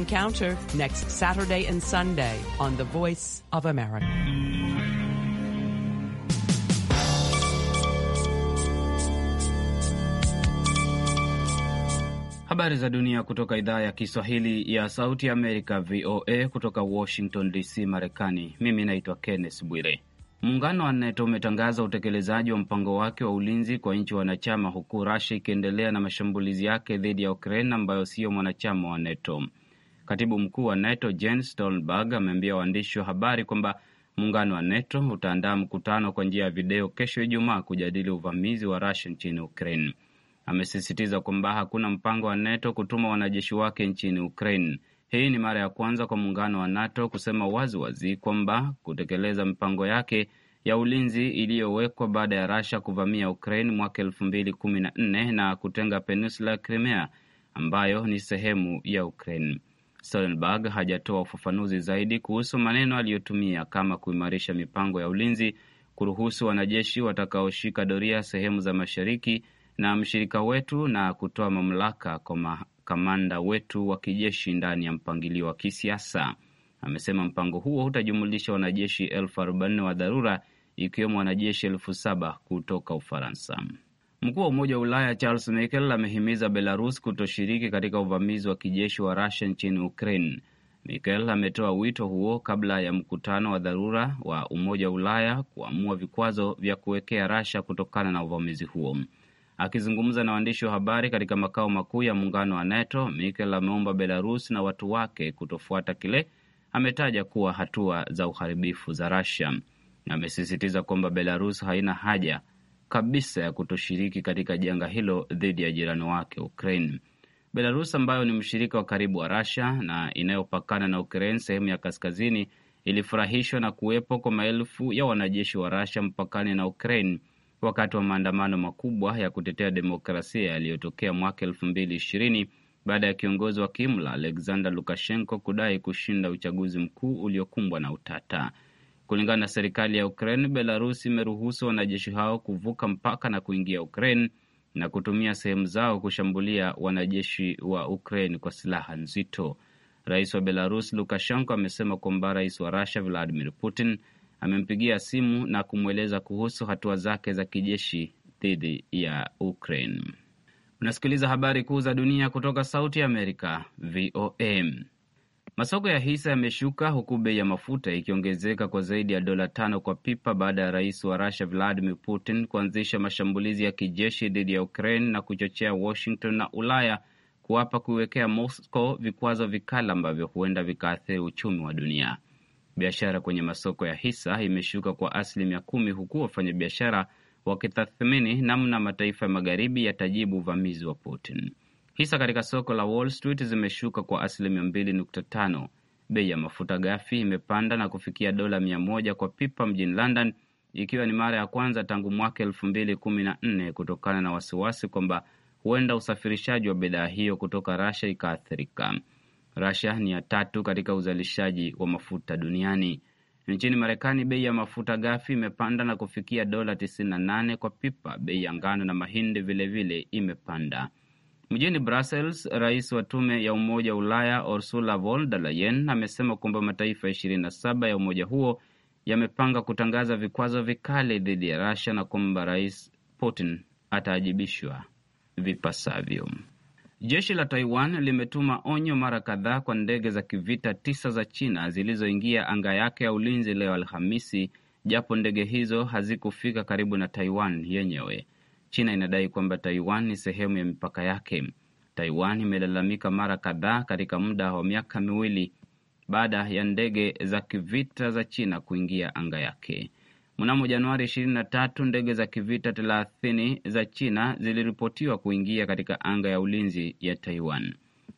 Encounter next Saturday and Sunday on The Voice of America. Habari za dunia kutoka idhaa ya Kiswahili ya Sauti ya Amerika, VOA, kutoka Washington DC, Marekani. Mimi naitwa Kenneth Bwire. Muungano wa NATO umetangaza utekelezaji wa mpango wake wa ulinzi kwa nchi wanachama, huku Russia ikiendelea na mashambulizi yake dhidi ya Ukraine ambayo siyo mwanachama wa NATO. Katibu mkuu wa NATO Jens Stoltenberg ameambia waandishi wa habari kwamba muungano wa NATO utaandaa mkutano kwa njia ya video kesho Ijumaa kujadili uvamizi wa Rusia nchini Ukraine. Amesisitiza kwamba hakuna mpango wa NATO kutuma wanajeshi wake nchini Ukraine. Hii ni mara ya kwanza kwa muungano wa NATO kusema waziwazi kwamba kutekeleza mipango yake ya ulinzi iliyowekwa baada ya rasha kuvamia Ukraine mwaka elfu mbili kumi na nne na kutenga peninsula ya Crimea ambayo ni sehemu ya Ukraine. Stoltenberg hajatoa ufafanuzi zaidi kuhusu maneno aliyotumia kama kuimarisha mipango ya ulinzi, kuruhusu wanajeshi watakaoshika doria sehemu za mashariki na mshirika wetu, na kutoa mamlaka kwa makamanda wetu wa kijeshi ndani ya mpangilio wa kisiasa. Amesema mpango huo utajumulisha wanajeshi elfu arobaini wa dharura ikiwemo wanajeshi elfu saba kutoka Ufaransa. Mkuu wa Umoja wa Ulaya Charles Michel amehimiza Belarus kutoshiriki katika uvamizi wa kijeshi wa Rusia nchini Ukraine. Michel ametoa wito huo kabla ya mkutano wa dharura wa Umoja wa Ulaya kuamua vikwazo vya kuwekea Rusia kutokana na uvamizi huo. Akizungumza na waandishi wa habari katika makao makuu ya muungano wa NATO, Michel ameomba Belarus na watu wake kutofuata kile ametaja kuwa hatua za uharibifu za Rusia. Amesisitiza kwamba Belarus haina haja kabisa ya kutoshiriki katika janga hilo dhidi ya jirani wake Ukraine. Belarus ambayo ni mshirika wa karibu wa rasia na inayopakana na Ukraine sehemu ya kaskazini ilifurahishwa na kuwepo kwa maelfu ya wanajeshi wa rasia mpakani na Ukraine wakati wa maandamano makubwa ya kutetea demokrasia yaliyotokea mwaka elfu mbili ishirini baada ya kiongozi wa kimla Alexander Lukashenko kudai kushinda uchaguzi mkuu uliokumbwa na utata. Kulingana na serikali ya Ukraine, Belarus imeruhusu wanajeshi hao kuvuka mpaka na kuingia Ukraine na kutumia sehemu zao kushambulia wanajeshi wa Ukraine kwa silaha nzito. Rais wa Belarus Lukashenko amesema kwamba rais wa Rusia Vladimir Putin amempigia simu na kumweleza kuhusu hatua zake za kijeshi dhidi ya Ukraine. Unasikiliza habari kuu za dunia kutoka Sauti ya Amerika, VOA. Masoko ya hisa yameshuka huku bei ya mafuta ikiongezeka kwa zaidi ya dola tano kwa pipa baada ya rais wa Rusia Vladimir Putin kuanzisha mashambulizi ya kijeshi dhidi ya Ukraine na kuchochea Washington na Ulaya kuapa kuiwekea Moscow vikwazo vikali ambavyo huenda vikaathiri uchumi wa dunia. Biashara kwenye masoko ya hisa imeshuka kwa asilimia kumi huku wafanyabiashara wakitathmini namna mataifa ya magharibi yatajibu uvamizi wa Putin. Hisa katika soko la Wall Street zimeshuka kwa asilimia mbili nukta tano. Bei ya mafuta ghafi imepanda na kufikia dola mia moja kwa pipa mjini London, ikiwa ni mara ya kwanza tangu mwaka elfu mbili kumi na nne kutokana na wasiwasi kwamba huenda usafirishaji wa bidhaa hiyo kutoka Rasia ikaathirika. Rasia ni ya tatu katika uzalishaji wa mafuta duniani. Nchini Marekani, bei ya mafuta ghafi imepanda na kufikia dola 98 kwa pipa. Bei ya ngano na mahindi vilevile vile imepanda. Mjini Brussels, rais wa tume ya Umoja wa Ulaya Ursula von der Leyen amesema kwamba mataifa 27 ya umoja huo yamepanga kutangaza vikwazo vikali dhidi ya rasia na kwamba rais Putin ataajibishwa vipasavyo. Jeshi la Taiwan limetuma onyo mara kadhaa kwa ndege za kivita tisa za China zilizoingia anga yake ya ulinzi leo Alhamisi, japo ndege hizo hazikufika karibu na Taiwan yenyewe. China inadai kwamba Taiwan ni sehemu ya mipaka yake. Taiwan imelalamika mara kadhaa katika muda wa miaka miwili baada ya ndege za kivita za China kuingia anga yake. Mnamo Januari 23 ndege za kivita 30 za China ziliripotiwa kuingia katika anga ya ulinzi ya Taiwan.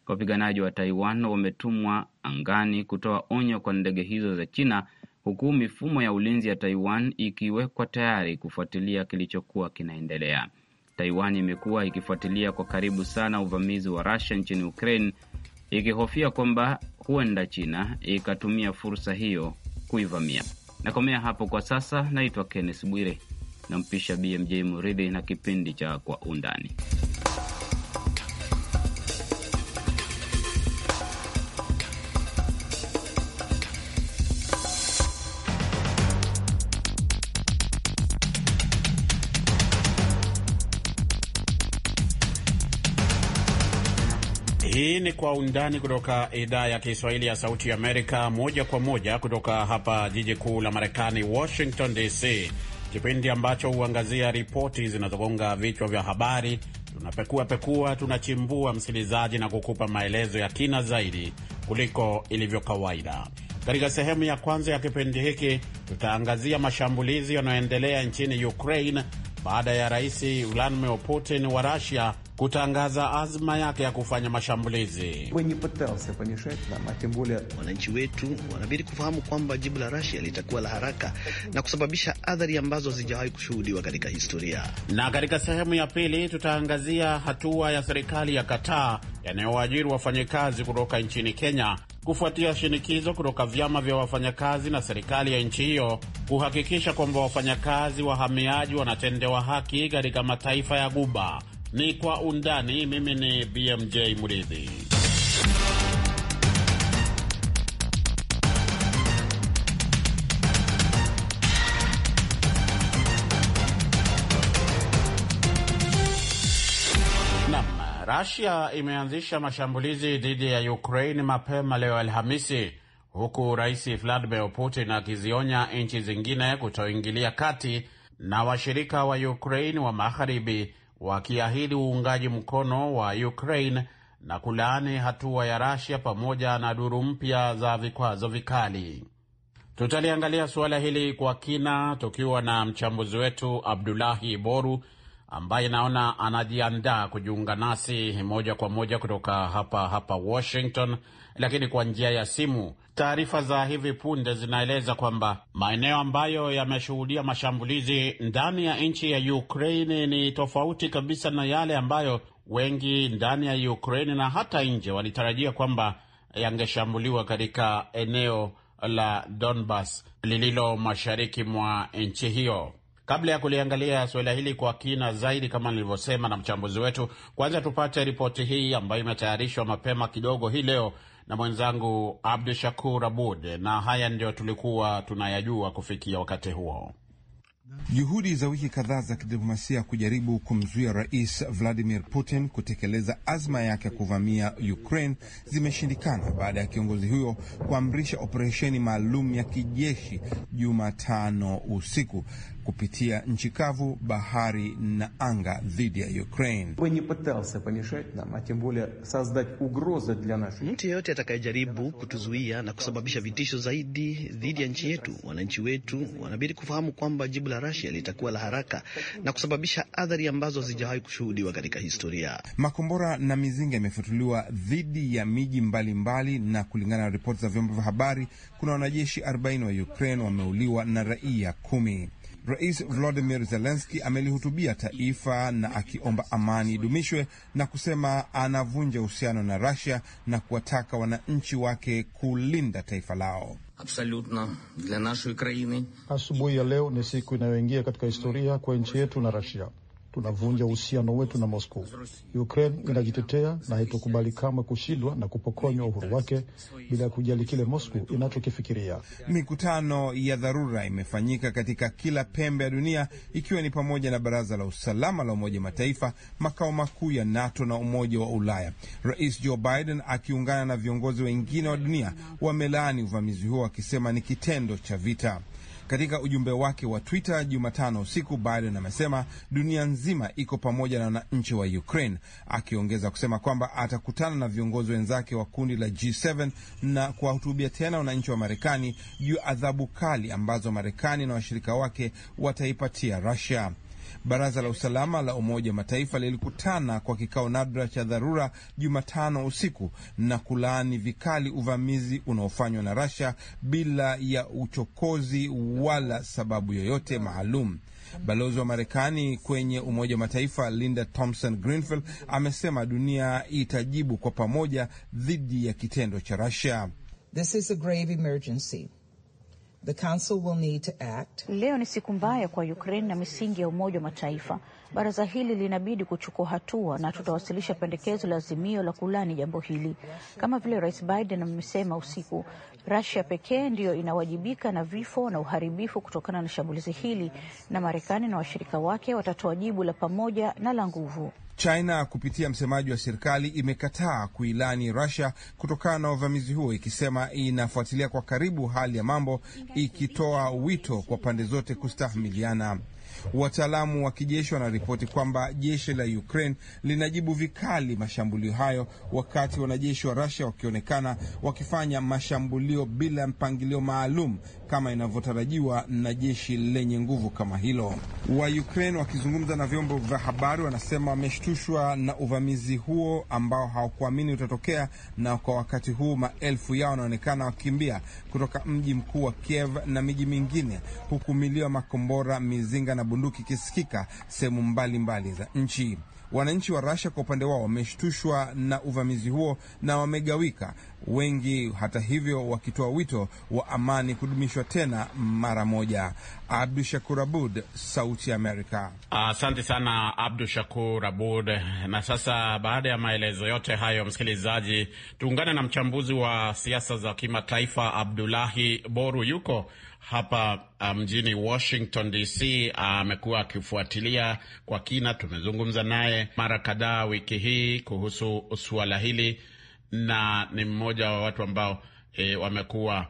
Wapiganaji wa Taiwan wametumwa angani kutoa onyo kwa ndege hizo za China huku mifumo ya ulinzi ya Taiwan ikiwekwa tayari kufuatilia kilichokuwa kinaendelea. Taiwan imekuwa ikifuatilia kwa karibu sana uvamizi wa Rusia nchini Ukraine, ikihofia kwamba huenda China ikatumia fursa hiyo kuivamia. Nakomea hapo kwa sasa. Naitwa Kenneth Bwire, nampisha BMJ Muridhi na kipindi cha Kwa Undani. Kwa Undani kutoka idhaa ya Kiswahili ya Sauti Amerika, moja kwa moja kutoka hapa jiji kuu la Marekani, Washington DC, kipindi ambacho huangazia ripoti zinazogonga vichwa vya habari. Tunapekua pekua, tunachimbua msikilizaji, na kukupa maelezo ya kina zaidi kuliko ilivyo kawaida. Katika sehemu ya kwanza ya kipindi hiki tutaangazia mashambulizi yanayoendelea nchini Ukraine baada ya Rais Vladimir Putin wa Rusia kutangaza azma yake ya kufanya mashambulizi. Wananchi wetu wanabidi kufahamu kwamba jibu la Rasia litakuwa la haraka na kusababisha athari ambazo hazijawahi kushuhudiwa katika historia. Na katika sehemu ya pili tutaangazia hatua ya serikali ya Kataa yanayoajiri wafanyakazi kutoka nchini Kenya kufuatia shinikizo kutoka vyama vya wafanyakazi na serikali ya nchi hiyo kuhakikisha kwamba wafanyakazi wahamiaji wanatendewa haki katika mataifa ya Guba ni Kwa Undani. Mimi ni BMJ Mridhi. Rasia imeanzisha mashambulizi dhidi ya Ukraini mapema leo Alhamisi, huku Rais Vladimir Putin akizionya nchi zingine kutoingilia kati na washirika wa Ukraini wa magharibi wakiahidi uungaji mkono wa Ukraine na kulaani hatua ya Rasia pamoja na duru mpya za vikwazo vikali. Tutaliangalia suala hili kwa kina tukiwa na mchambuzi wetu Abdulahi Boru ambaye naona anajiandaa kujiunga nasi moja kwa moja kutoka hapa hapa Washington lakini kwa njia ya simu. Taarifa za hivi punde zinaeleza kwamba maeneo ambayo yameshuhudia mashambulizi ndani ya nchi ya ukrain ni tofauti kabisa na yale ambayo wengi ndani ya ukrain na hata nje walitarajia kwamba yangeshambuliwa katika eneo la Donbas lililo mashariki mwa nchi hiyo. Kabla ya kuliangalia suala hili kwa kina zaidi, kama nilivyosema na mchambuzi wetu, kwanza tupate ripoti hii ambayo imetayarishwa mapema kidogo hii leo na mwenzangu Abdu Shakur Abud, na haya ndio tulikuwa tunayajua kufikia wakati huo. Juhudi za wiki kadhaa za kidiplomasia kujaribu kumzuia Rais Vladimir Putin kutekeleza azma yake ya kuvamia Ukraine zimeshindikana baada ya kiongozi huyo kuamrisha operesheni maalum ya kijeshi Jumatano usiku kupitia nchi kavu, bahari na anga dhidi ya Ukraine. Mtu yeyote atakayejaribu kutuzuia na kusababisha vitisho zaidi dhidi ya nchi yetu, wananchi wetu wanabidi kufahamu kwamba jibu la Rasia litakuwa la haraka na kusababisha athari ambazo hazijawahi kushuhudiwa katika historia. Makombora na mizinga imefutuliwa dhidi ya miji mbalimbali, na kulingana na ripoti za vyombo vya habari, kuna wanajeshi 40 wa Ukraine wameuliwa na raia kumi. Rais Volodymyr Zelensky amelihutubia taifa na akiomba amani idumishwe na kusema anavunja uhusiano na Russia na kuwataka wananchi wake kulinda taifa lao. Asubuhi ya leo ni siku inayoingia katika historia kwa nchi yetu na Russia tunavunja uhusiano wetu na Moscow. Ukraine inajitetea na haitokubali kamwe kushindwa na kupokonywa uhuru wake bila ya kujali kile Moscow inachokifikiria. Mikutano ya dharura imefanyika katika kila pembe ya dunia, ikiwa ni pamoja na Baraza la Usalama la Umoja Mataifa, makao makuu ya NATO na Umoja wa Ulaya. Rais Joe Biden akiungana na viongozi wengine wa dunia wamelaani uvamizi huo, wakisema ni kitendo cha vita. Katika ujumbe wake wa Twitter Jumatano usiku, Biden amesema dunia nzima iko pamoja na wananchi wa Ukraine, akiongeza kusema kwamba atakutana na viongozi wenzake wa kundi la G7 na kuwahutubia tena wananchi wa Marekani juu adhabu kali ambazo Marekani na washirika wake wataipatia Russia. Baraza la usalama la Umoja wa Mataifa lilikutana kwa kikao nadra cha dharura Jumatano usiku na kulaani vikali uvamizi unaofanywa na Russia bila ya uchokozi wala sababu yoyote maalum. Balozi wa Marekani kwenye Umoja wa Mataifa Linda Thompson Greenfield amesema dunia itajibu kwa pamoja dhidi ya kitendo cha Russia. This is a grave emergency. The council will need to act. Leo ni siku mbaya kwa Ukraine na misingi ya Umoja wa Mataifa. Baraza hili linabidi kuchukua hatua na tutawasilisha pendekezo la azimio la kulani jambo hili. Kama vile Rais Biden amesema usiku, Russia pekee ndiyo inawajibika na vifo na uharibifu kutokana na shambulizi hili na Marekani na washirika wake watatoa jibu la pamoja na la nguvu. China kupitia msemaji wa serikali imekataa kuilani Russia kutokana na uvamizi huo, ikisema inafuatilia kwa karibu hali ya mambo, ikitoa wito kwa pande zote kustahimiliana. Wataalamu wa kijeshi wanaripoti kwamba jeshi la Ukraine linajibu vikali mashambulio hayo, wakati wanajeshi wa Russia wakionekana wakifanya mashambulio bila mpangilio maalum kama inavyotarajiwa na jeshi lenye nguvu kama hilo. Wa Ukraine wakizungumza na vyombo vya habari wanasema wameshtushwa na uvamizi huo ambao hawakuamini utatokea, na kwa wakati huu maelfu yao wanaonekana wakimbia kutoka mji mkuu wa Kiev na miji mingine, huku milio ya makombora, mizinga na bunduki ikisikika sehemu mbalimbali za nchi. Wananchi wa Russia kwa upande wao wameshtushwa na uvamizi huo na wamegawika wengi hata hivyo wakitoa wito wa amani kudumishwa tena mara moja. Abdu Shakur Abud, Sauti ya Amerika. Asante sana Abdu Shakur Abud. Na sasa baada ya maelezo yote hayo, msikilizaji, tuungane na mchambuzi wa siasa za kimataifa Abdulahi Boru, yuko hapa uh, mjini um, Washington DC. Amekuwa uh, akifuatilia kwa kina. Tumezungumza naye mara kadhaa wiki hii kuhusu suala hili na ni mmoja wa watu ambao e, wamekuwa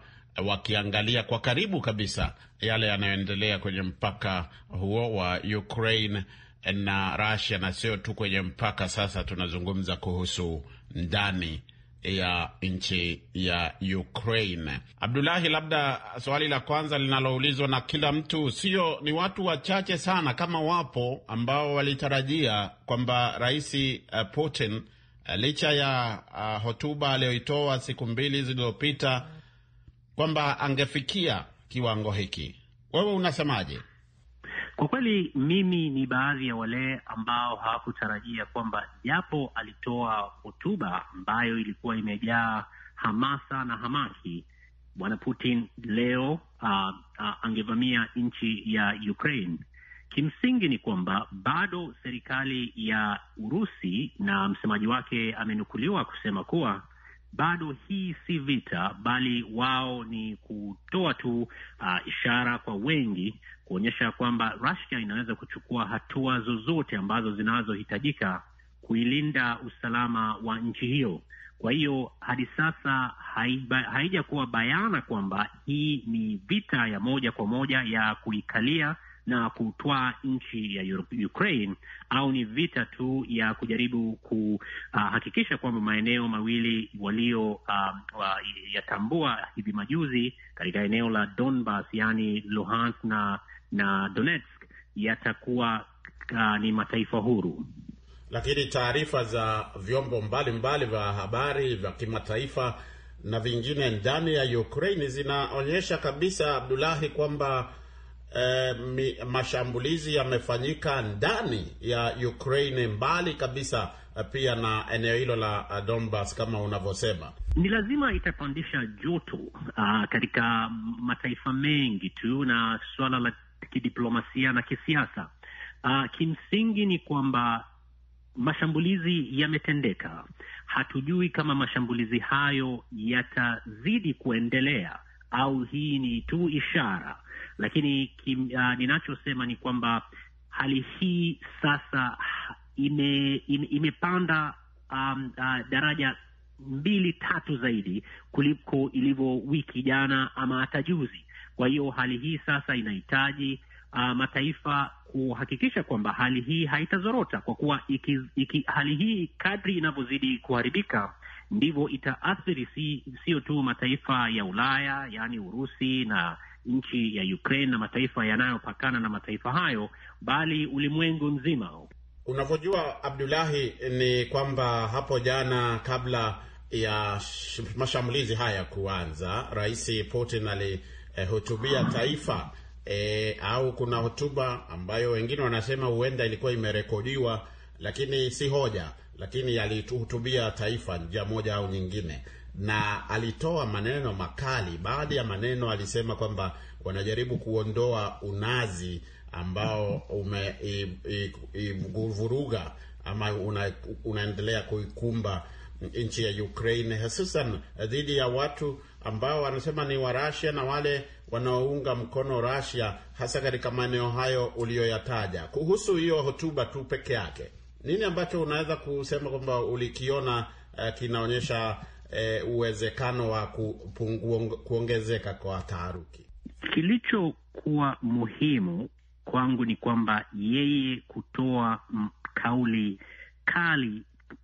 wakiangalia kwa karibu kabisa yale yanayoendelea kwenye mpaka huo wa Ukraine na Russia, na sio tu kwenye mpaka. Sasa tunazungumza kuhusu ndani ya nchi ya Ukraine. Abdulahi, labda swali la kwanza linaloulizwa na kila mtu, sio ni watu wachache sana kama wapo ambao walitarajia kwamba Rais eh, Putin Eh, licha ya uh, hotuba aliyoitoa siku mbili zilizopita kwamba angefikia kiwango hiki. Wewe unasemaje? Kwa kweli mimi ni baadhi ya wale ambao hawakutarajia kwamba japo alitoa hotuba ambayo ilikuwa imejaa hamasa na hamaki, Bwana Putin leo uh, uh, angevamia nchi ya Ukraine Kimsingi ni kwamba bado serikali ya Urusi na msemaji wake amenukuliwa kusema kuwa bado hii si vita, bali wao ni kutoa tu uh, ishara kwa wengi kuonyesha kwamba Russia inaweza kuchukua hatua zozote ambazo zinazohitajika kuilinda usalama wa nchi hiyo. Kwa hiyo hadi sasa haijakuwa bayana kwamba hii ni vita ya moja kwa moja ya kuikalia na kutwaa nchi ya Ukraine au ni vita tu ya kujaribu kuhakikisha ah, kwamba maeneo mawili walio uh, yatambua hivi majuzi katika eneo la Donbas, yani Luhansk na, na Donetsk yatakuwa uh, ni mataifa huru. Lakini taarifa za vyombo mbalimbali vya habari vya kimataifa na vingine ndani ya Ukraine zinaonyesha kabisa, Abdulahi, kwamba eh, mashambulizi yamefanyika ndani ya Ukraine mbali kabisa eh, pia na eneo hilo la eh, Donbas kama unavyosema, ni lazima itapandisha joto uh, katika mataifa mengi tu, na suala la kidiplomasia na kisiasa uh, kimsingi ni kwamba mashambulizi yametendeka. Hatujui kama mashambulizi hayo yatazidi kuendelea au hii ni tu ishara lakini kim, uh, ninachosema ni kwamba hali hii sasa ime, ime, imepanda um, uh, daraja mbili tatu zaidi kuliko ilivyo wiki jana ama hata juzi. Kwa hiyo hali hii sasa inahitaji uh, mataifa kuhakikisha kwamba hali hii haitazorota, kwa kuwa iki, iki, hali hii kadri inavyozidi kuharibika ndivyo itaathiri sio tu mataifa ya Ulaya, yaani Urusi na nchi ya Ukraine na mataifa yanayopakana na mataifa hayo, bali ulimwengu mzima. Unavyojua Abdulahi, ni kwamba hapo jana kabla ya mashambulizi haya kuanza, Rais Putin alihutubia taifa eh, au kuna hotuba ambayo wengine wanasema huenda ilikuwa imerekodiwa, lakini si hoja, lakini alihutubia taifa njia moja au nyingine na alitoa maneno makali. Baadhi ya maneno alisema kwamba wanajaribu kuondoa unazi ambao umeivuruga ama una, unaendelea kuikumba nchi ya Ukraine hususan dhidi ya watu ambao wanasema ni wa Russia na wale wanaounga mkono Russia hasa katika maeneo hayo uliyoyataja. Kuhusu hiyo hotuba tu peke yake, nini ambacho unaweza kusema kwamba ulikiona uh, kinaonyesha eh, uwezekano wa kuongezeka kwa taharuki? Kilichokuwa muhimu kwangu ni kwamba yeye kutoa kauli kali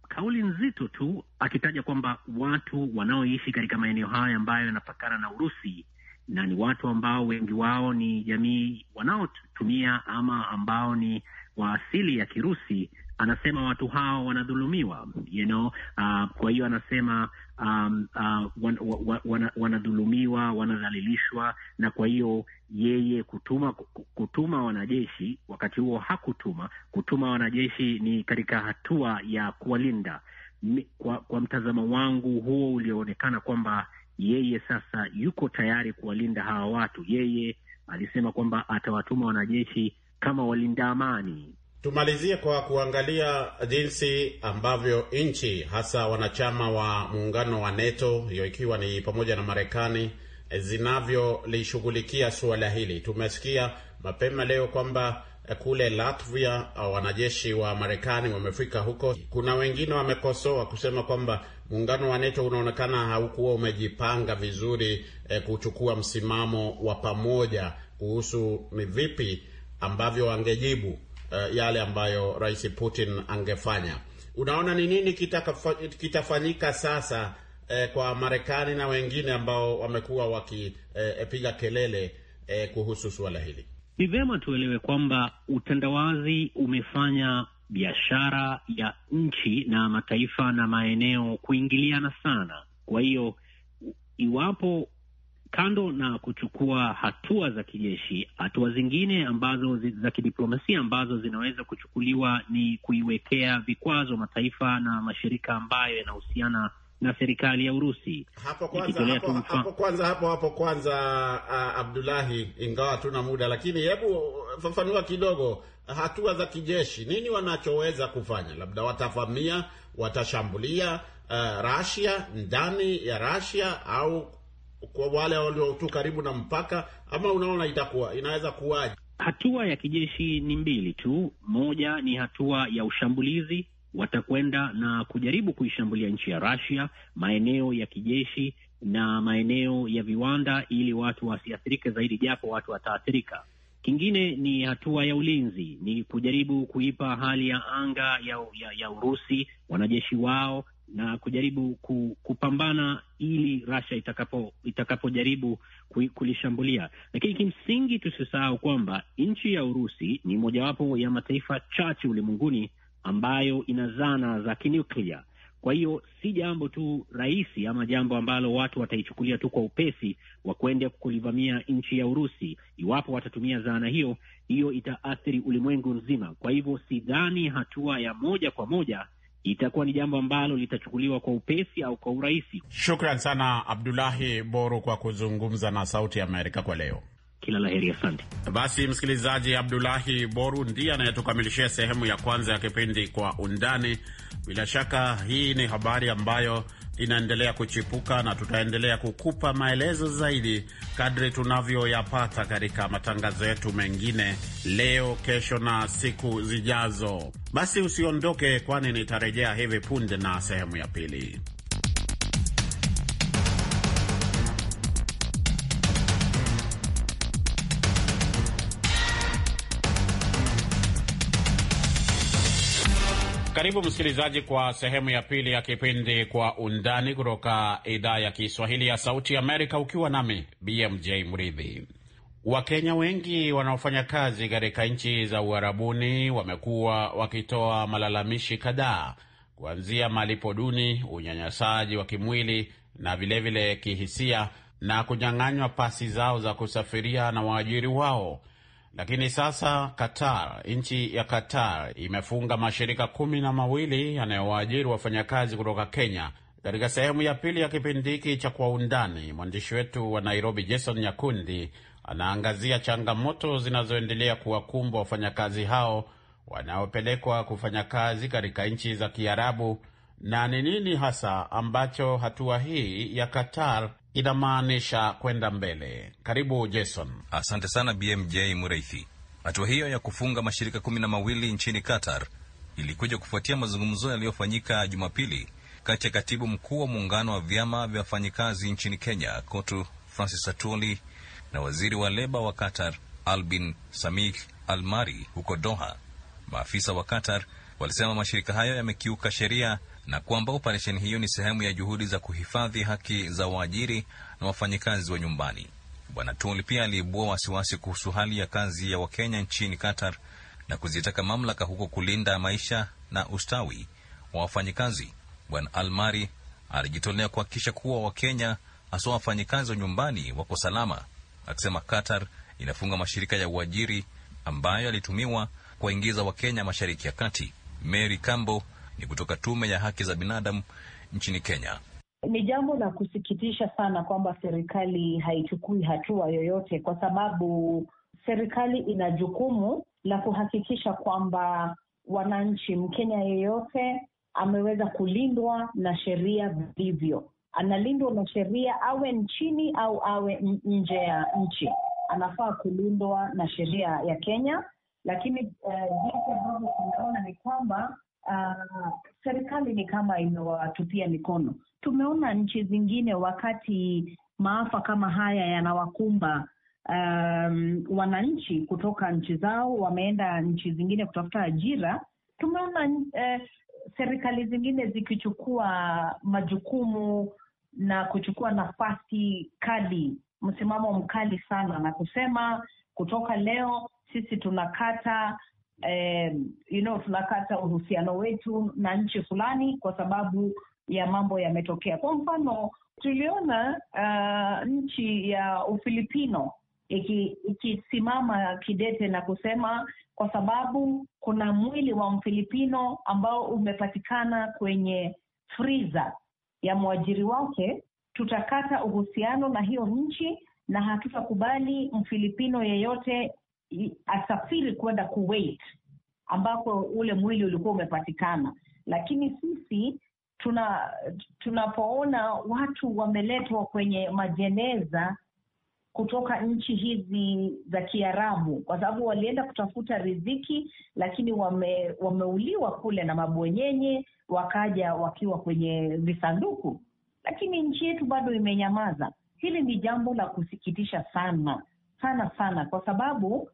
kauli nzito tu akitaja kwamba watu wanaoishi katika maeneo haya ambayo yanapakana na Urusi na ni watu ambao wengi wao ni jamii wanaotumia ama ambao ni wa asili ya Kirusi, anasema watu hao wanadhulumiwa you know? Uh, kwa hiyo anasema um, uh, wan, wan, wan, wanadhulumiwa, wanadhalilishwa, na kwa hiyo yeye kutuma kutuma wanajeshi, wakati huo hakutuma kutuma wanajeshi ni katika hatua ya kuwalinda. Kwa, kwa mtazamo wangu huo ulioonekana kwamba yeye sasa yuko tayari kuwalinda hawa watu. Yeye alisema kwamba atawatuma wanajeshi kama walinda amani Tumalizie kwa kuangalia jinsi ambavyo nchi hasa wanachama wa muungano wa NATO, hiyo ikiwa ni pamoja na Marekani, zinavyolishughulikia suala hili. Tumesikia mapema leo kwamba kule Latvia wanajeshi wa Marekani wamefika huko. Kuna wengine wamekosoa kusema kwamba muungano wa NATO unaonekana haukuwa umejipanga vizuri eh, kuchukua msimamo wa pamoja kuhusu ni vipi ambavyo wangejibu uh, yale ambayo Rais Putin angefanya. Unaona ni nini kitafanyika sasa eh, kwa Marekani na wengine ambao wamekuwa wakipiga eh, kelele eh, kuhusu suala hili? Ni vyema tuelewe kwamba utandawazi umefanya biashara ya nchi na mataifa na maeneo kuingiliana sana. Kwa hiyo iwapo Kando na kuchukua hatua za kijeshi, hatua zingine ambazo za kidiplomasia ambazo zinaweza kuchukuliwa ni kuiwekea vikwazo mataifa na mashirika ambayo yanahusiana na serikali ya Urusi. Hapo kwanza hapo, hapo kwanza hapo hapo kwanza uh, Abdulahi, ingawa hatuna muda, lakini hebu fafanua kidogo hatua za kijeshi, nini wanachoweza kufanya? Labda watavamia, watashambulia uh, Russia, ndani ya Russia au kwa wale walio tu karibu na mpaka, ama unaona itakuwa inaweza kuwaje? Hatua ya kijeshi ni mbili tu. Moja ni hatua ya ushambulizi, watakwenda na kujaribu kuishambulia nchi ya Russia, maeneo ya kijeshi na maeneo ya viwanda, ili watu wasiathirike zaidi, japo watu wataathirika. Kingine ni hatua ya ulinzi, ni kujaribu kuipa hali ya anga ya, ya, ya Urusi wanajeshi wao na kujaribu kupambana ili Russia itakapo itakapojaribu kulishambulia. Lakini kimsingi tusisahau kwamba nchi ya Urusi ni mojawapo ya mataifa chache ulimwenguni ambayo ina zana za kinuklia. Kwa hiyo si jambo tu rahisi ama jambo ambalo watu wataichukulia tu kwa upesi wa kuenda kulivamia nchi ya Urusi. Iwapo watatumia zana hiyo, hiyo itaathiri ulimwengu nzima. Kwa hivyo sidhani hatua ya moja kwa moja itakuwa ni jambo ambalo litachukuliwa kwa upesi au kwa urahisi. Shukran sana Abdulahi Boru kwa kuzungumza na Sauti ya Amerika kwa leo. Kila la heri, asante. Basi msikilizaji, Abdulahi Boru ndiye anayetukamilishia sehemu ya kwanza ya kipindi Kwa Undani. Bila shaka hii ni habari ambayo inaendelea kuchipuka na tutaendelea kukupa maelezo zaidi kadri tunavyoyapata katika matangazo yetu mengine leo, kesho na siku zijazo. Basi usiondoke, kwani nitarejea hivi punde na sehemu ya pili. Karibu msikilizaji, kwa sehemu ya pili ya kipindi Kwa Undani kutoka idhaa ya Kiswahili ya Sauti Amerika, ukiwa nami BMJ Mridhi. Wakenya wengi wanaofanya kazi katika nchi za uharabuni wamekuwa wakitoa malalamishi kadhaa, kuanzia malipo duni, unyanyasaji wa kimwili na vilevile vile kihisia, na kunyang'anywa pasi zao za kusafiria na waajiri wao lakini sasa Qatar, nchi ya Qatar imefunga mashirika kumi na mawili yanayowaajiri wafanyakazi kutoka Kenya. Katika sehemu ya pili ya kipindi hiki cha Kwa Undani, mwandishi wetu wa Nairobi Jason Nyakundi anaangazia changamoto zinazoendelea kuwakumbwa wafanyakazi hao wanaopelekwa kufanya kazi katika nchi za Kiarabu na ni nini hasa ambacho hatua hii ya Qatar inamaanisha kwenda mbele. Karibu Jason. Asante sana BMJ Mureithi. Hatua hiyo ya kufunga mashirika kumi na mawili nchini Qatar ilikuja kufuatia mazungumzo yaliyofanyika Jumapili kati ya katibu mkuu wa muungano wa vyama vya wafanyikazi nchini Kenya, KOTU, Francis atuoli na waziri wa leba wa Qatar, Albin Samik almari huko Doha. Maafisa wa Qatar walisema mashirika hayo yamekiuka sheria na kwamba operesheni hiyo ni sehemu ya juhudi za kuhifadhi haki za waajiri na wafanyikazi wa nyumbani. Bwana Tuli pia aliibua wasiwasi kuhusu hali ya kazi ya Wakenya nchini Qatar na kuzitaka mamlaka huko kulinda maisha na ustawi wa wafanyikazi. Bwana Almari alijitolea kuhakikisha kuwa Wakenya haswa wafanyikazi wa nyumbani wako salama, akisema Qatar inafunga mashirika ya uajiri ambayo yalitumiwa kuwaingiza Wakenya mashariki ya kati. Mary Kambo ni kutoka tume ya haki za binadamu nchini Kenya. Ni jambo la kusikitisha sana kwamba serikali haichukui hatua yoyote, kwa sababu serikali ina jukumu la kuhakikisha kwamba wananchi, Mkenya yeyote ameweza kulindwa na sheria vilivyo, analindwa na sheria, awe nchini au awe nje ya nchi, anafaa kulindwa na sheria ya Kenya. Lakini eh, jinsi ambavyo tunaona ni kwamba serikali ni kama imewatupia mikono. Tumeona nchi zingine wakati maafa kama haya yanawakumba um, wananchi kutoka nchi zao wameenda nchi zingine kutafuta ajira. Tumeona eh, serikali zingine zikichukua majukumu na kuchukua nafasi kali, msimamo mkali sana, na kusema kutoka leo sisi tunakata eh, you know, tunakata uhusiano wetu na nchi fulani kwa sababu ya mambo yametokea. Kwa mfano tuliona uh, nchi ya Ufilipino ikisimama iki kidete na kusema kwa sababu kuna mwili wa Mfilipino ambao umepatikana kwenye friza ya mwajiri wake, tutakata uhusiano na hiyo nchi na hatutakubali Mfilipino yeyote asafiri kwenda Kuwait ambapo ule mwili ulikuwa umepatikana. Lakini sisi tuna tunapoona watu wameletwa kwenye majeneza kutoka nchi hizi za Kiarabu, kwa sababu walienda kutafuta riziki, lakini wame, wameuliwa kule na mabwenyenye, wakaja wakiwa kwenye visanduku, lakini nchi yetu bado imenyamaza. Hili ni jambo la kusikitisha sana, sana sana kwa sababu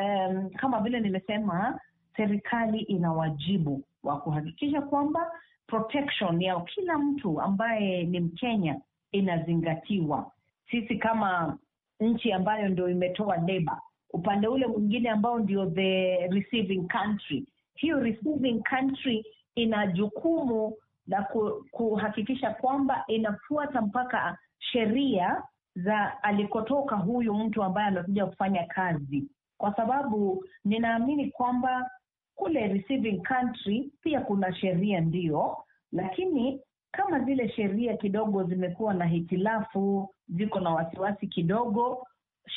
um, kama vile nimesema serikali ina wajibu wa kuhakikisha kwamba protection ya kila mtu ambaye ni mkenya inazingatiwa sisi kama nchi ambayo ndio imetoa leba upande ule mwingine ambao ndio the receiving country hiyo receiving country ina jukumu la kuhakikisha kwamba inafuata mpaka sheria za alikotoka huyu mtu ambaye amekuja kufanya kazi, kwa sababu ninaamini kwamba kule receiving country pia kuna sheria ndio, lakini kama zile sheria kidogo zimekuwa na hitilafu, ziko na wasiwasi kidogo,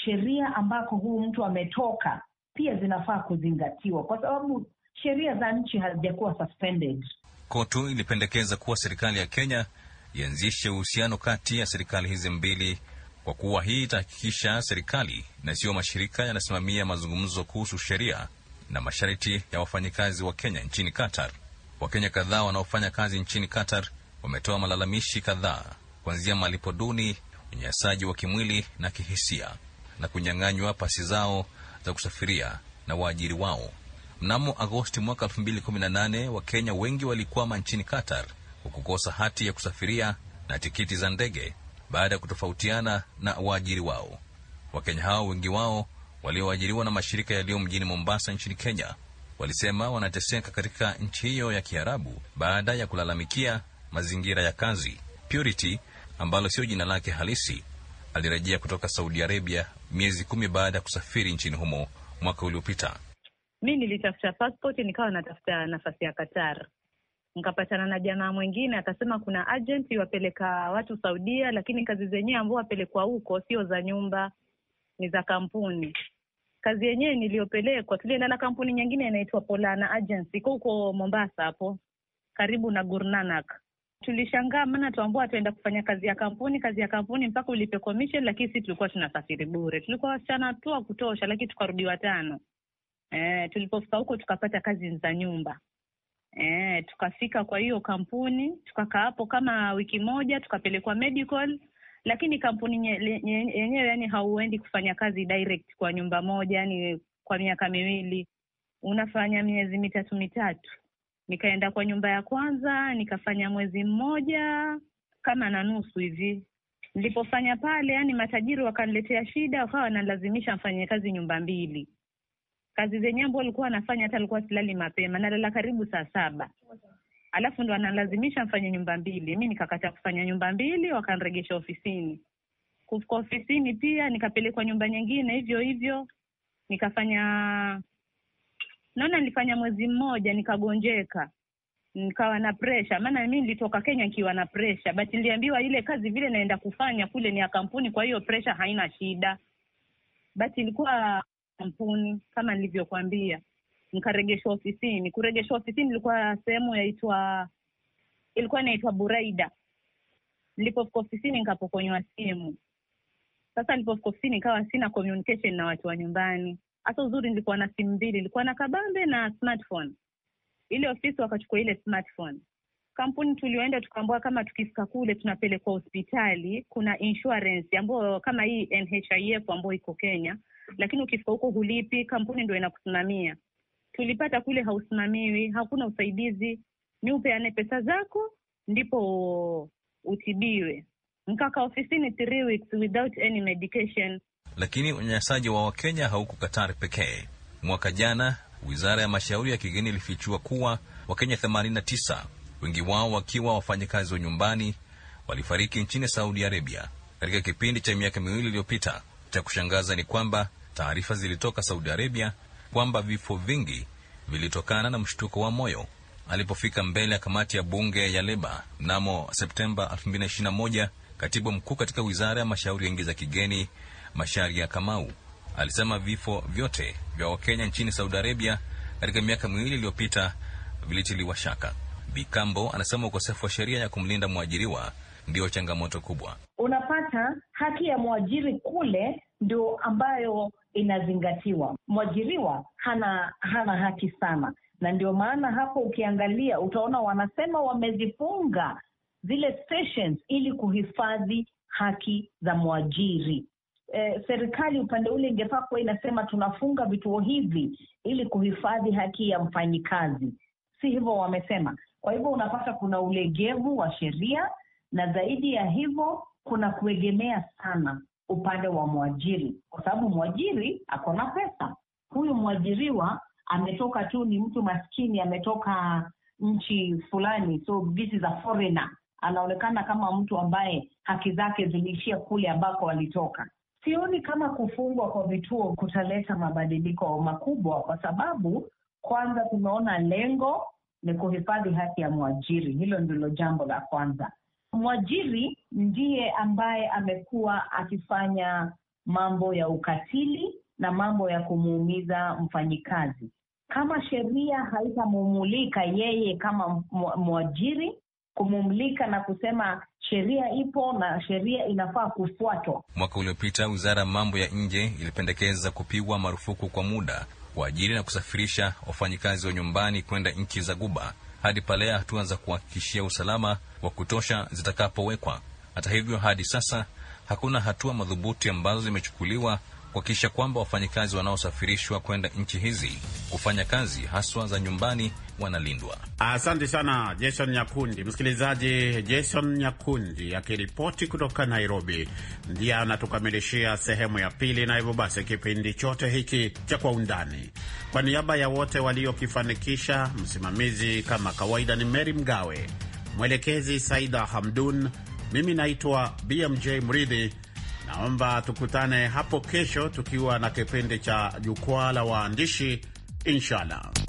sheria ambako huu mtu ametoka pia zinafaa kuzingatiwa, kwa sababu sheria za nchi hazijakuwa suspended. Kotu ilipendekeza kuwa serikali ya Kenya ianzishe uhusiano kati ya serikali hizi mbili kwa kuwa hii itahakikisha serikali na siyo mashirika yanasimamia mazungumzo kuhusu sheria na masharti ya wafanyakazi wa Kenya nchini Qatar. Wakenya kadhaa wanaofanya kazi nchini Qatar wametoa malalamishi kadhaa, kuanzia malipo duni, unyanyasaji wa kimwili na kihisia, na kunyang'anywa pasi zao za kusafiria na waajiri wao. Mnamo Agosti mwaka 2018 Wakenya wengi walikwama nchini Qatar kwa kukosa hati ya kusafiria na tikiti za ndege baada ya kutofautiana na waajiri wao. Wakenya hao wengi wao walioajiriwa na mashirika yaliyo mjini Mombasa nchini Kenya walisema wanateseka katika nchi hiyo ya Kiarabu baada ya kulalamikia mazingira ya kazi. Purity ambalo sio jina lake halisi alirejea kutoka Saudi Arabia miezi kumi baada ya kusafiri nchini humo mwaka uliopita. Mi nilitafuta paspoti nikawa natafuta nafasi ya Qatar, nkapatana na jamaa mwingine akasema kuna agent wapeleka watu Saudia, lakini kazi zenyewe ambao wapelekwa huko sio za nyumba, ni za kampuni. Kazi yenyewe niliyopelekwa, tulienda na kampuni nyingine inaitwa Polana Agency, iko huko Mombasa hapo karibu na Gurnanak. Tulishangaa maana tuambua tuenda kufanya kazi ya kampuni, kazi ya kampuni mpaka ulipe commission, lakini si tulikuwa tunasafiri bure, tulikuwa wasichana tu wa kutosha, lakini tukarudiwa tano. E, tulipofika huko tukapata kazi za nyumba E, tukafika kwa hiyo kampuni tukakaa hapo kama wiki moja, tukapelekwa medical, lakini kampuni yenyewe yani hauendi kufanya kazi direct kwa nyumba moja yani kwa miaka miwili, unafanya miezi mitatu mitatu. Nikaenda kwa nyumba ya kwanza nikafanya mwezi mmoja kama na nusu hivi. Nilipofanya pale, yani matajiri wakaniletea shida, wakawa wanalazimisha mfanye kazi nyumba mbili kazi zenyewe ambao alikuwa anafanya hata alikuwa silali mapema, nalala karibu saa saba alafu ndo analazimisha mfanye nyumba mbili. Mi nikakataa kufanya nyumba mbili, wakanregesha ofisini. Kufika ofisini pia nikapelekwa nyumba nyingine hivyo hivyo, nikafanya naona nilifanya mwezi mmoja nikagonjeka, nikawa na presha, maana mi nilitoka Kenya nikiwa na presha, but niliambiwa ile kazi vile naenda kufanya kule ni ya kampuni, kwa hiyo presha haina shida, but ilikuwa kampuni kama nilivyokwambia, nikaregeshwa ofisini. kuregeshwa ofisini ilikuwa sehemu yaitwa ilikuwa inaitwa Buraida. Nilipofika ofisini nikapokonywa simu. Sasa nilipofika ofisini ikawa sina communication na watu wa nyumbani. Hasa uzuri nilikuwa na simu mbili, nilikuwa na kabambe na smartphone. Ile ofisi wakachukua ile smartphone. Kampuni tulioenda tukaambua kama tukifika kule tunapelekwa hospitali, kuna insurance ambayo kama hii NHIF ambayo iko Kenya lakini ukifika huko hulipi, kampuni ndio inakusimamia. Tulipata kule hausimamiwi, hakuna usaidizi, ni upeane pesa zako ndipo utibiwe. Mkaka ofisini three weeks without any medication. Lakini unyanyasaji wa Wakenya hauko Katari pekee. Mwaka jana wizara ya mashauri ya kigeni ilifichua kuwa Wakenya 89 wengi wao wakiwa wafanyakazi wa nyumbani walifariki nchini Saudi Arabia katika kipindi cha miaka miwili iliyopita. Cha kushangaza ni kwamba taarifa zilitoka Saudi Arabia kwamba vifo vingi vilitokana na mshtuko wa moyo alipofika mbele ya kamati ya bunge ya Leba mnamo Septemba 2021. Katibu mkuu katika wizara ya mashauri ya nchi za kigeni masharia Kamau alisema vifo vyote vya Wakenya nchini Saudi Arabia katika miaka miwili iliyopita vilitiliwa shaka. Bikambo anasema ukosefu wa sheria ya kumlinda mwajiriwa ndiyo changamoto kubwa. Unapata haki ya mwajiri kule ndio ambayo inazingatiwa. Mwajiriwa hana hana haki sana, na ndio maana hapo ukiangalia utaona wanasema wamezifunga zile stations ili kuhifadhi haki za mwajiri. Eh, serikali upande ule ingefaa kuwa inasema tunafunga vituo hivi ili kuhifadhi haki ya mfanyikazi, si hivyo wamesema. Kwa hivyo unapata kuna ulegevu wa sheria, na zaidi ya hivyo kuna kuegemea sana upande wa mwajiri, kwa sababu mwajiri ako na pesa. Huyu mwajiriwa ametoka tu, ni mtu maskini, ametoka nchi fulani, so this is a foreigner, anaonekana kama mtu ambaye haki zake ziliishia kule ambako alitoka. Sioni kama kufungwa kwa vituo kutaleta mabadiliko makubwa, kwa sababu kwanza tumeona lengo ni kuhifadhi haki ya mwajiri. Hilo ndilo jambo la kwanza mwajiri ndiye ambaye amekuwa akifanya mambo ya ukatili na mambo ya kumuumiza mfanyikazi. Kama sheria haitamumulika yeye kama mwajiri kumumlika na kusema sheria ipo na sheria inafaa kufuatwa. Mwaka uliopita wizara ya mambo ya nje ilipendekeza kupigwa marufuku kwa muda kuajiri na kusafirisha wafanyikazi wa nyumbani kwenda nchi za Guba hadi pale hatua za kuhakikishia usalama wa kutosha zitakapowekwa. Hata hivyo, hadi sasa hakuna hatua madhubuti ambazo zimechukuliwa kuhakikisha kwamba wafanyakazi wanaosafirishwa kwenda nchi hizi kufanya kazi haswa za nyumbani wanalindwa. Asante sana Jason Nyakundi. Msikilizaji, Jason Nyakundi akiripoti kutoka Nairobi ndiye anatukamilishia sehemu ya pili, na hivyo basi kipindi chote hiki cha Kwa Undani, kwa niaba ya wote waliokifanikisha, msimamizi kama kawaida ni Meri Mgawe, mwelekezi Saida Hamdun, mimi naitwa BMJ Mridhi Naomba tukutane hapo kesho tukiwa na kipindi cha jukwaa la waandishi inshallah.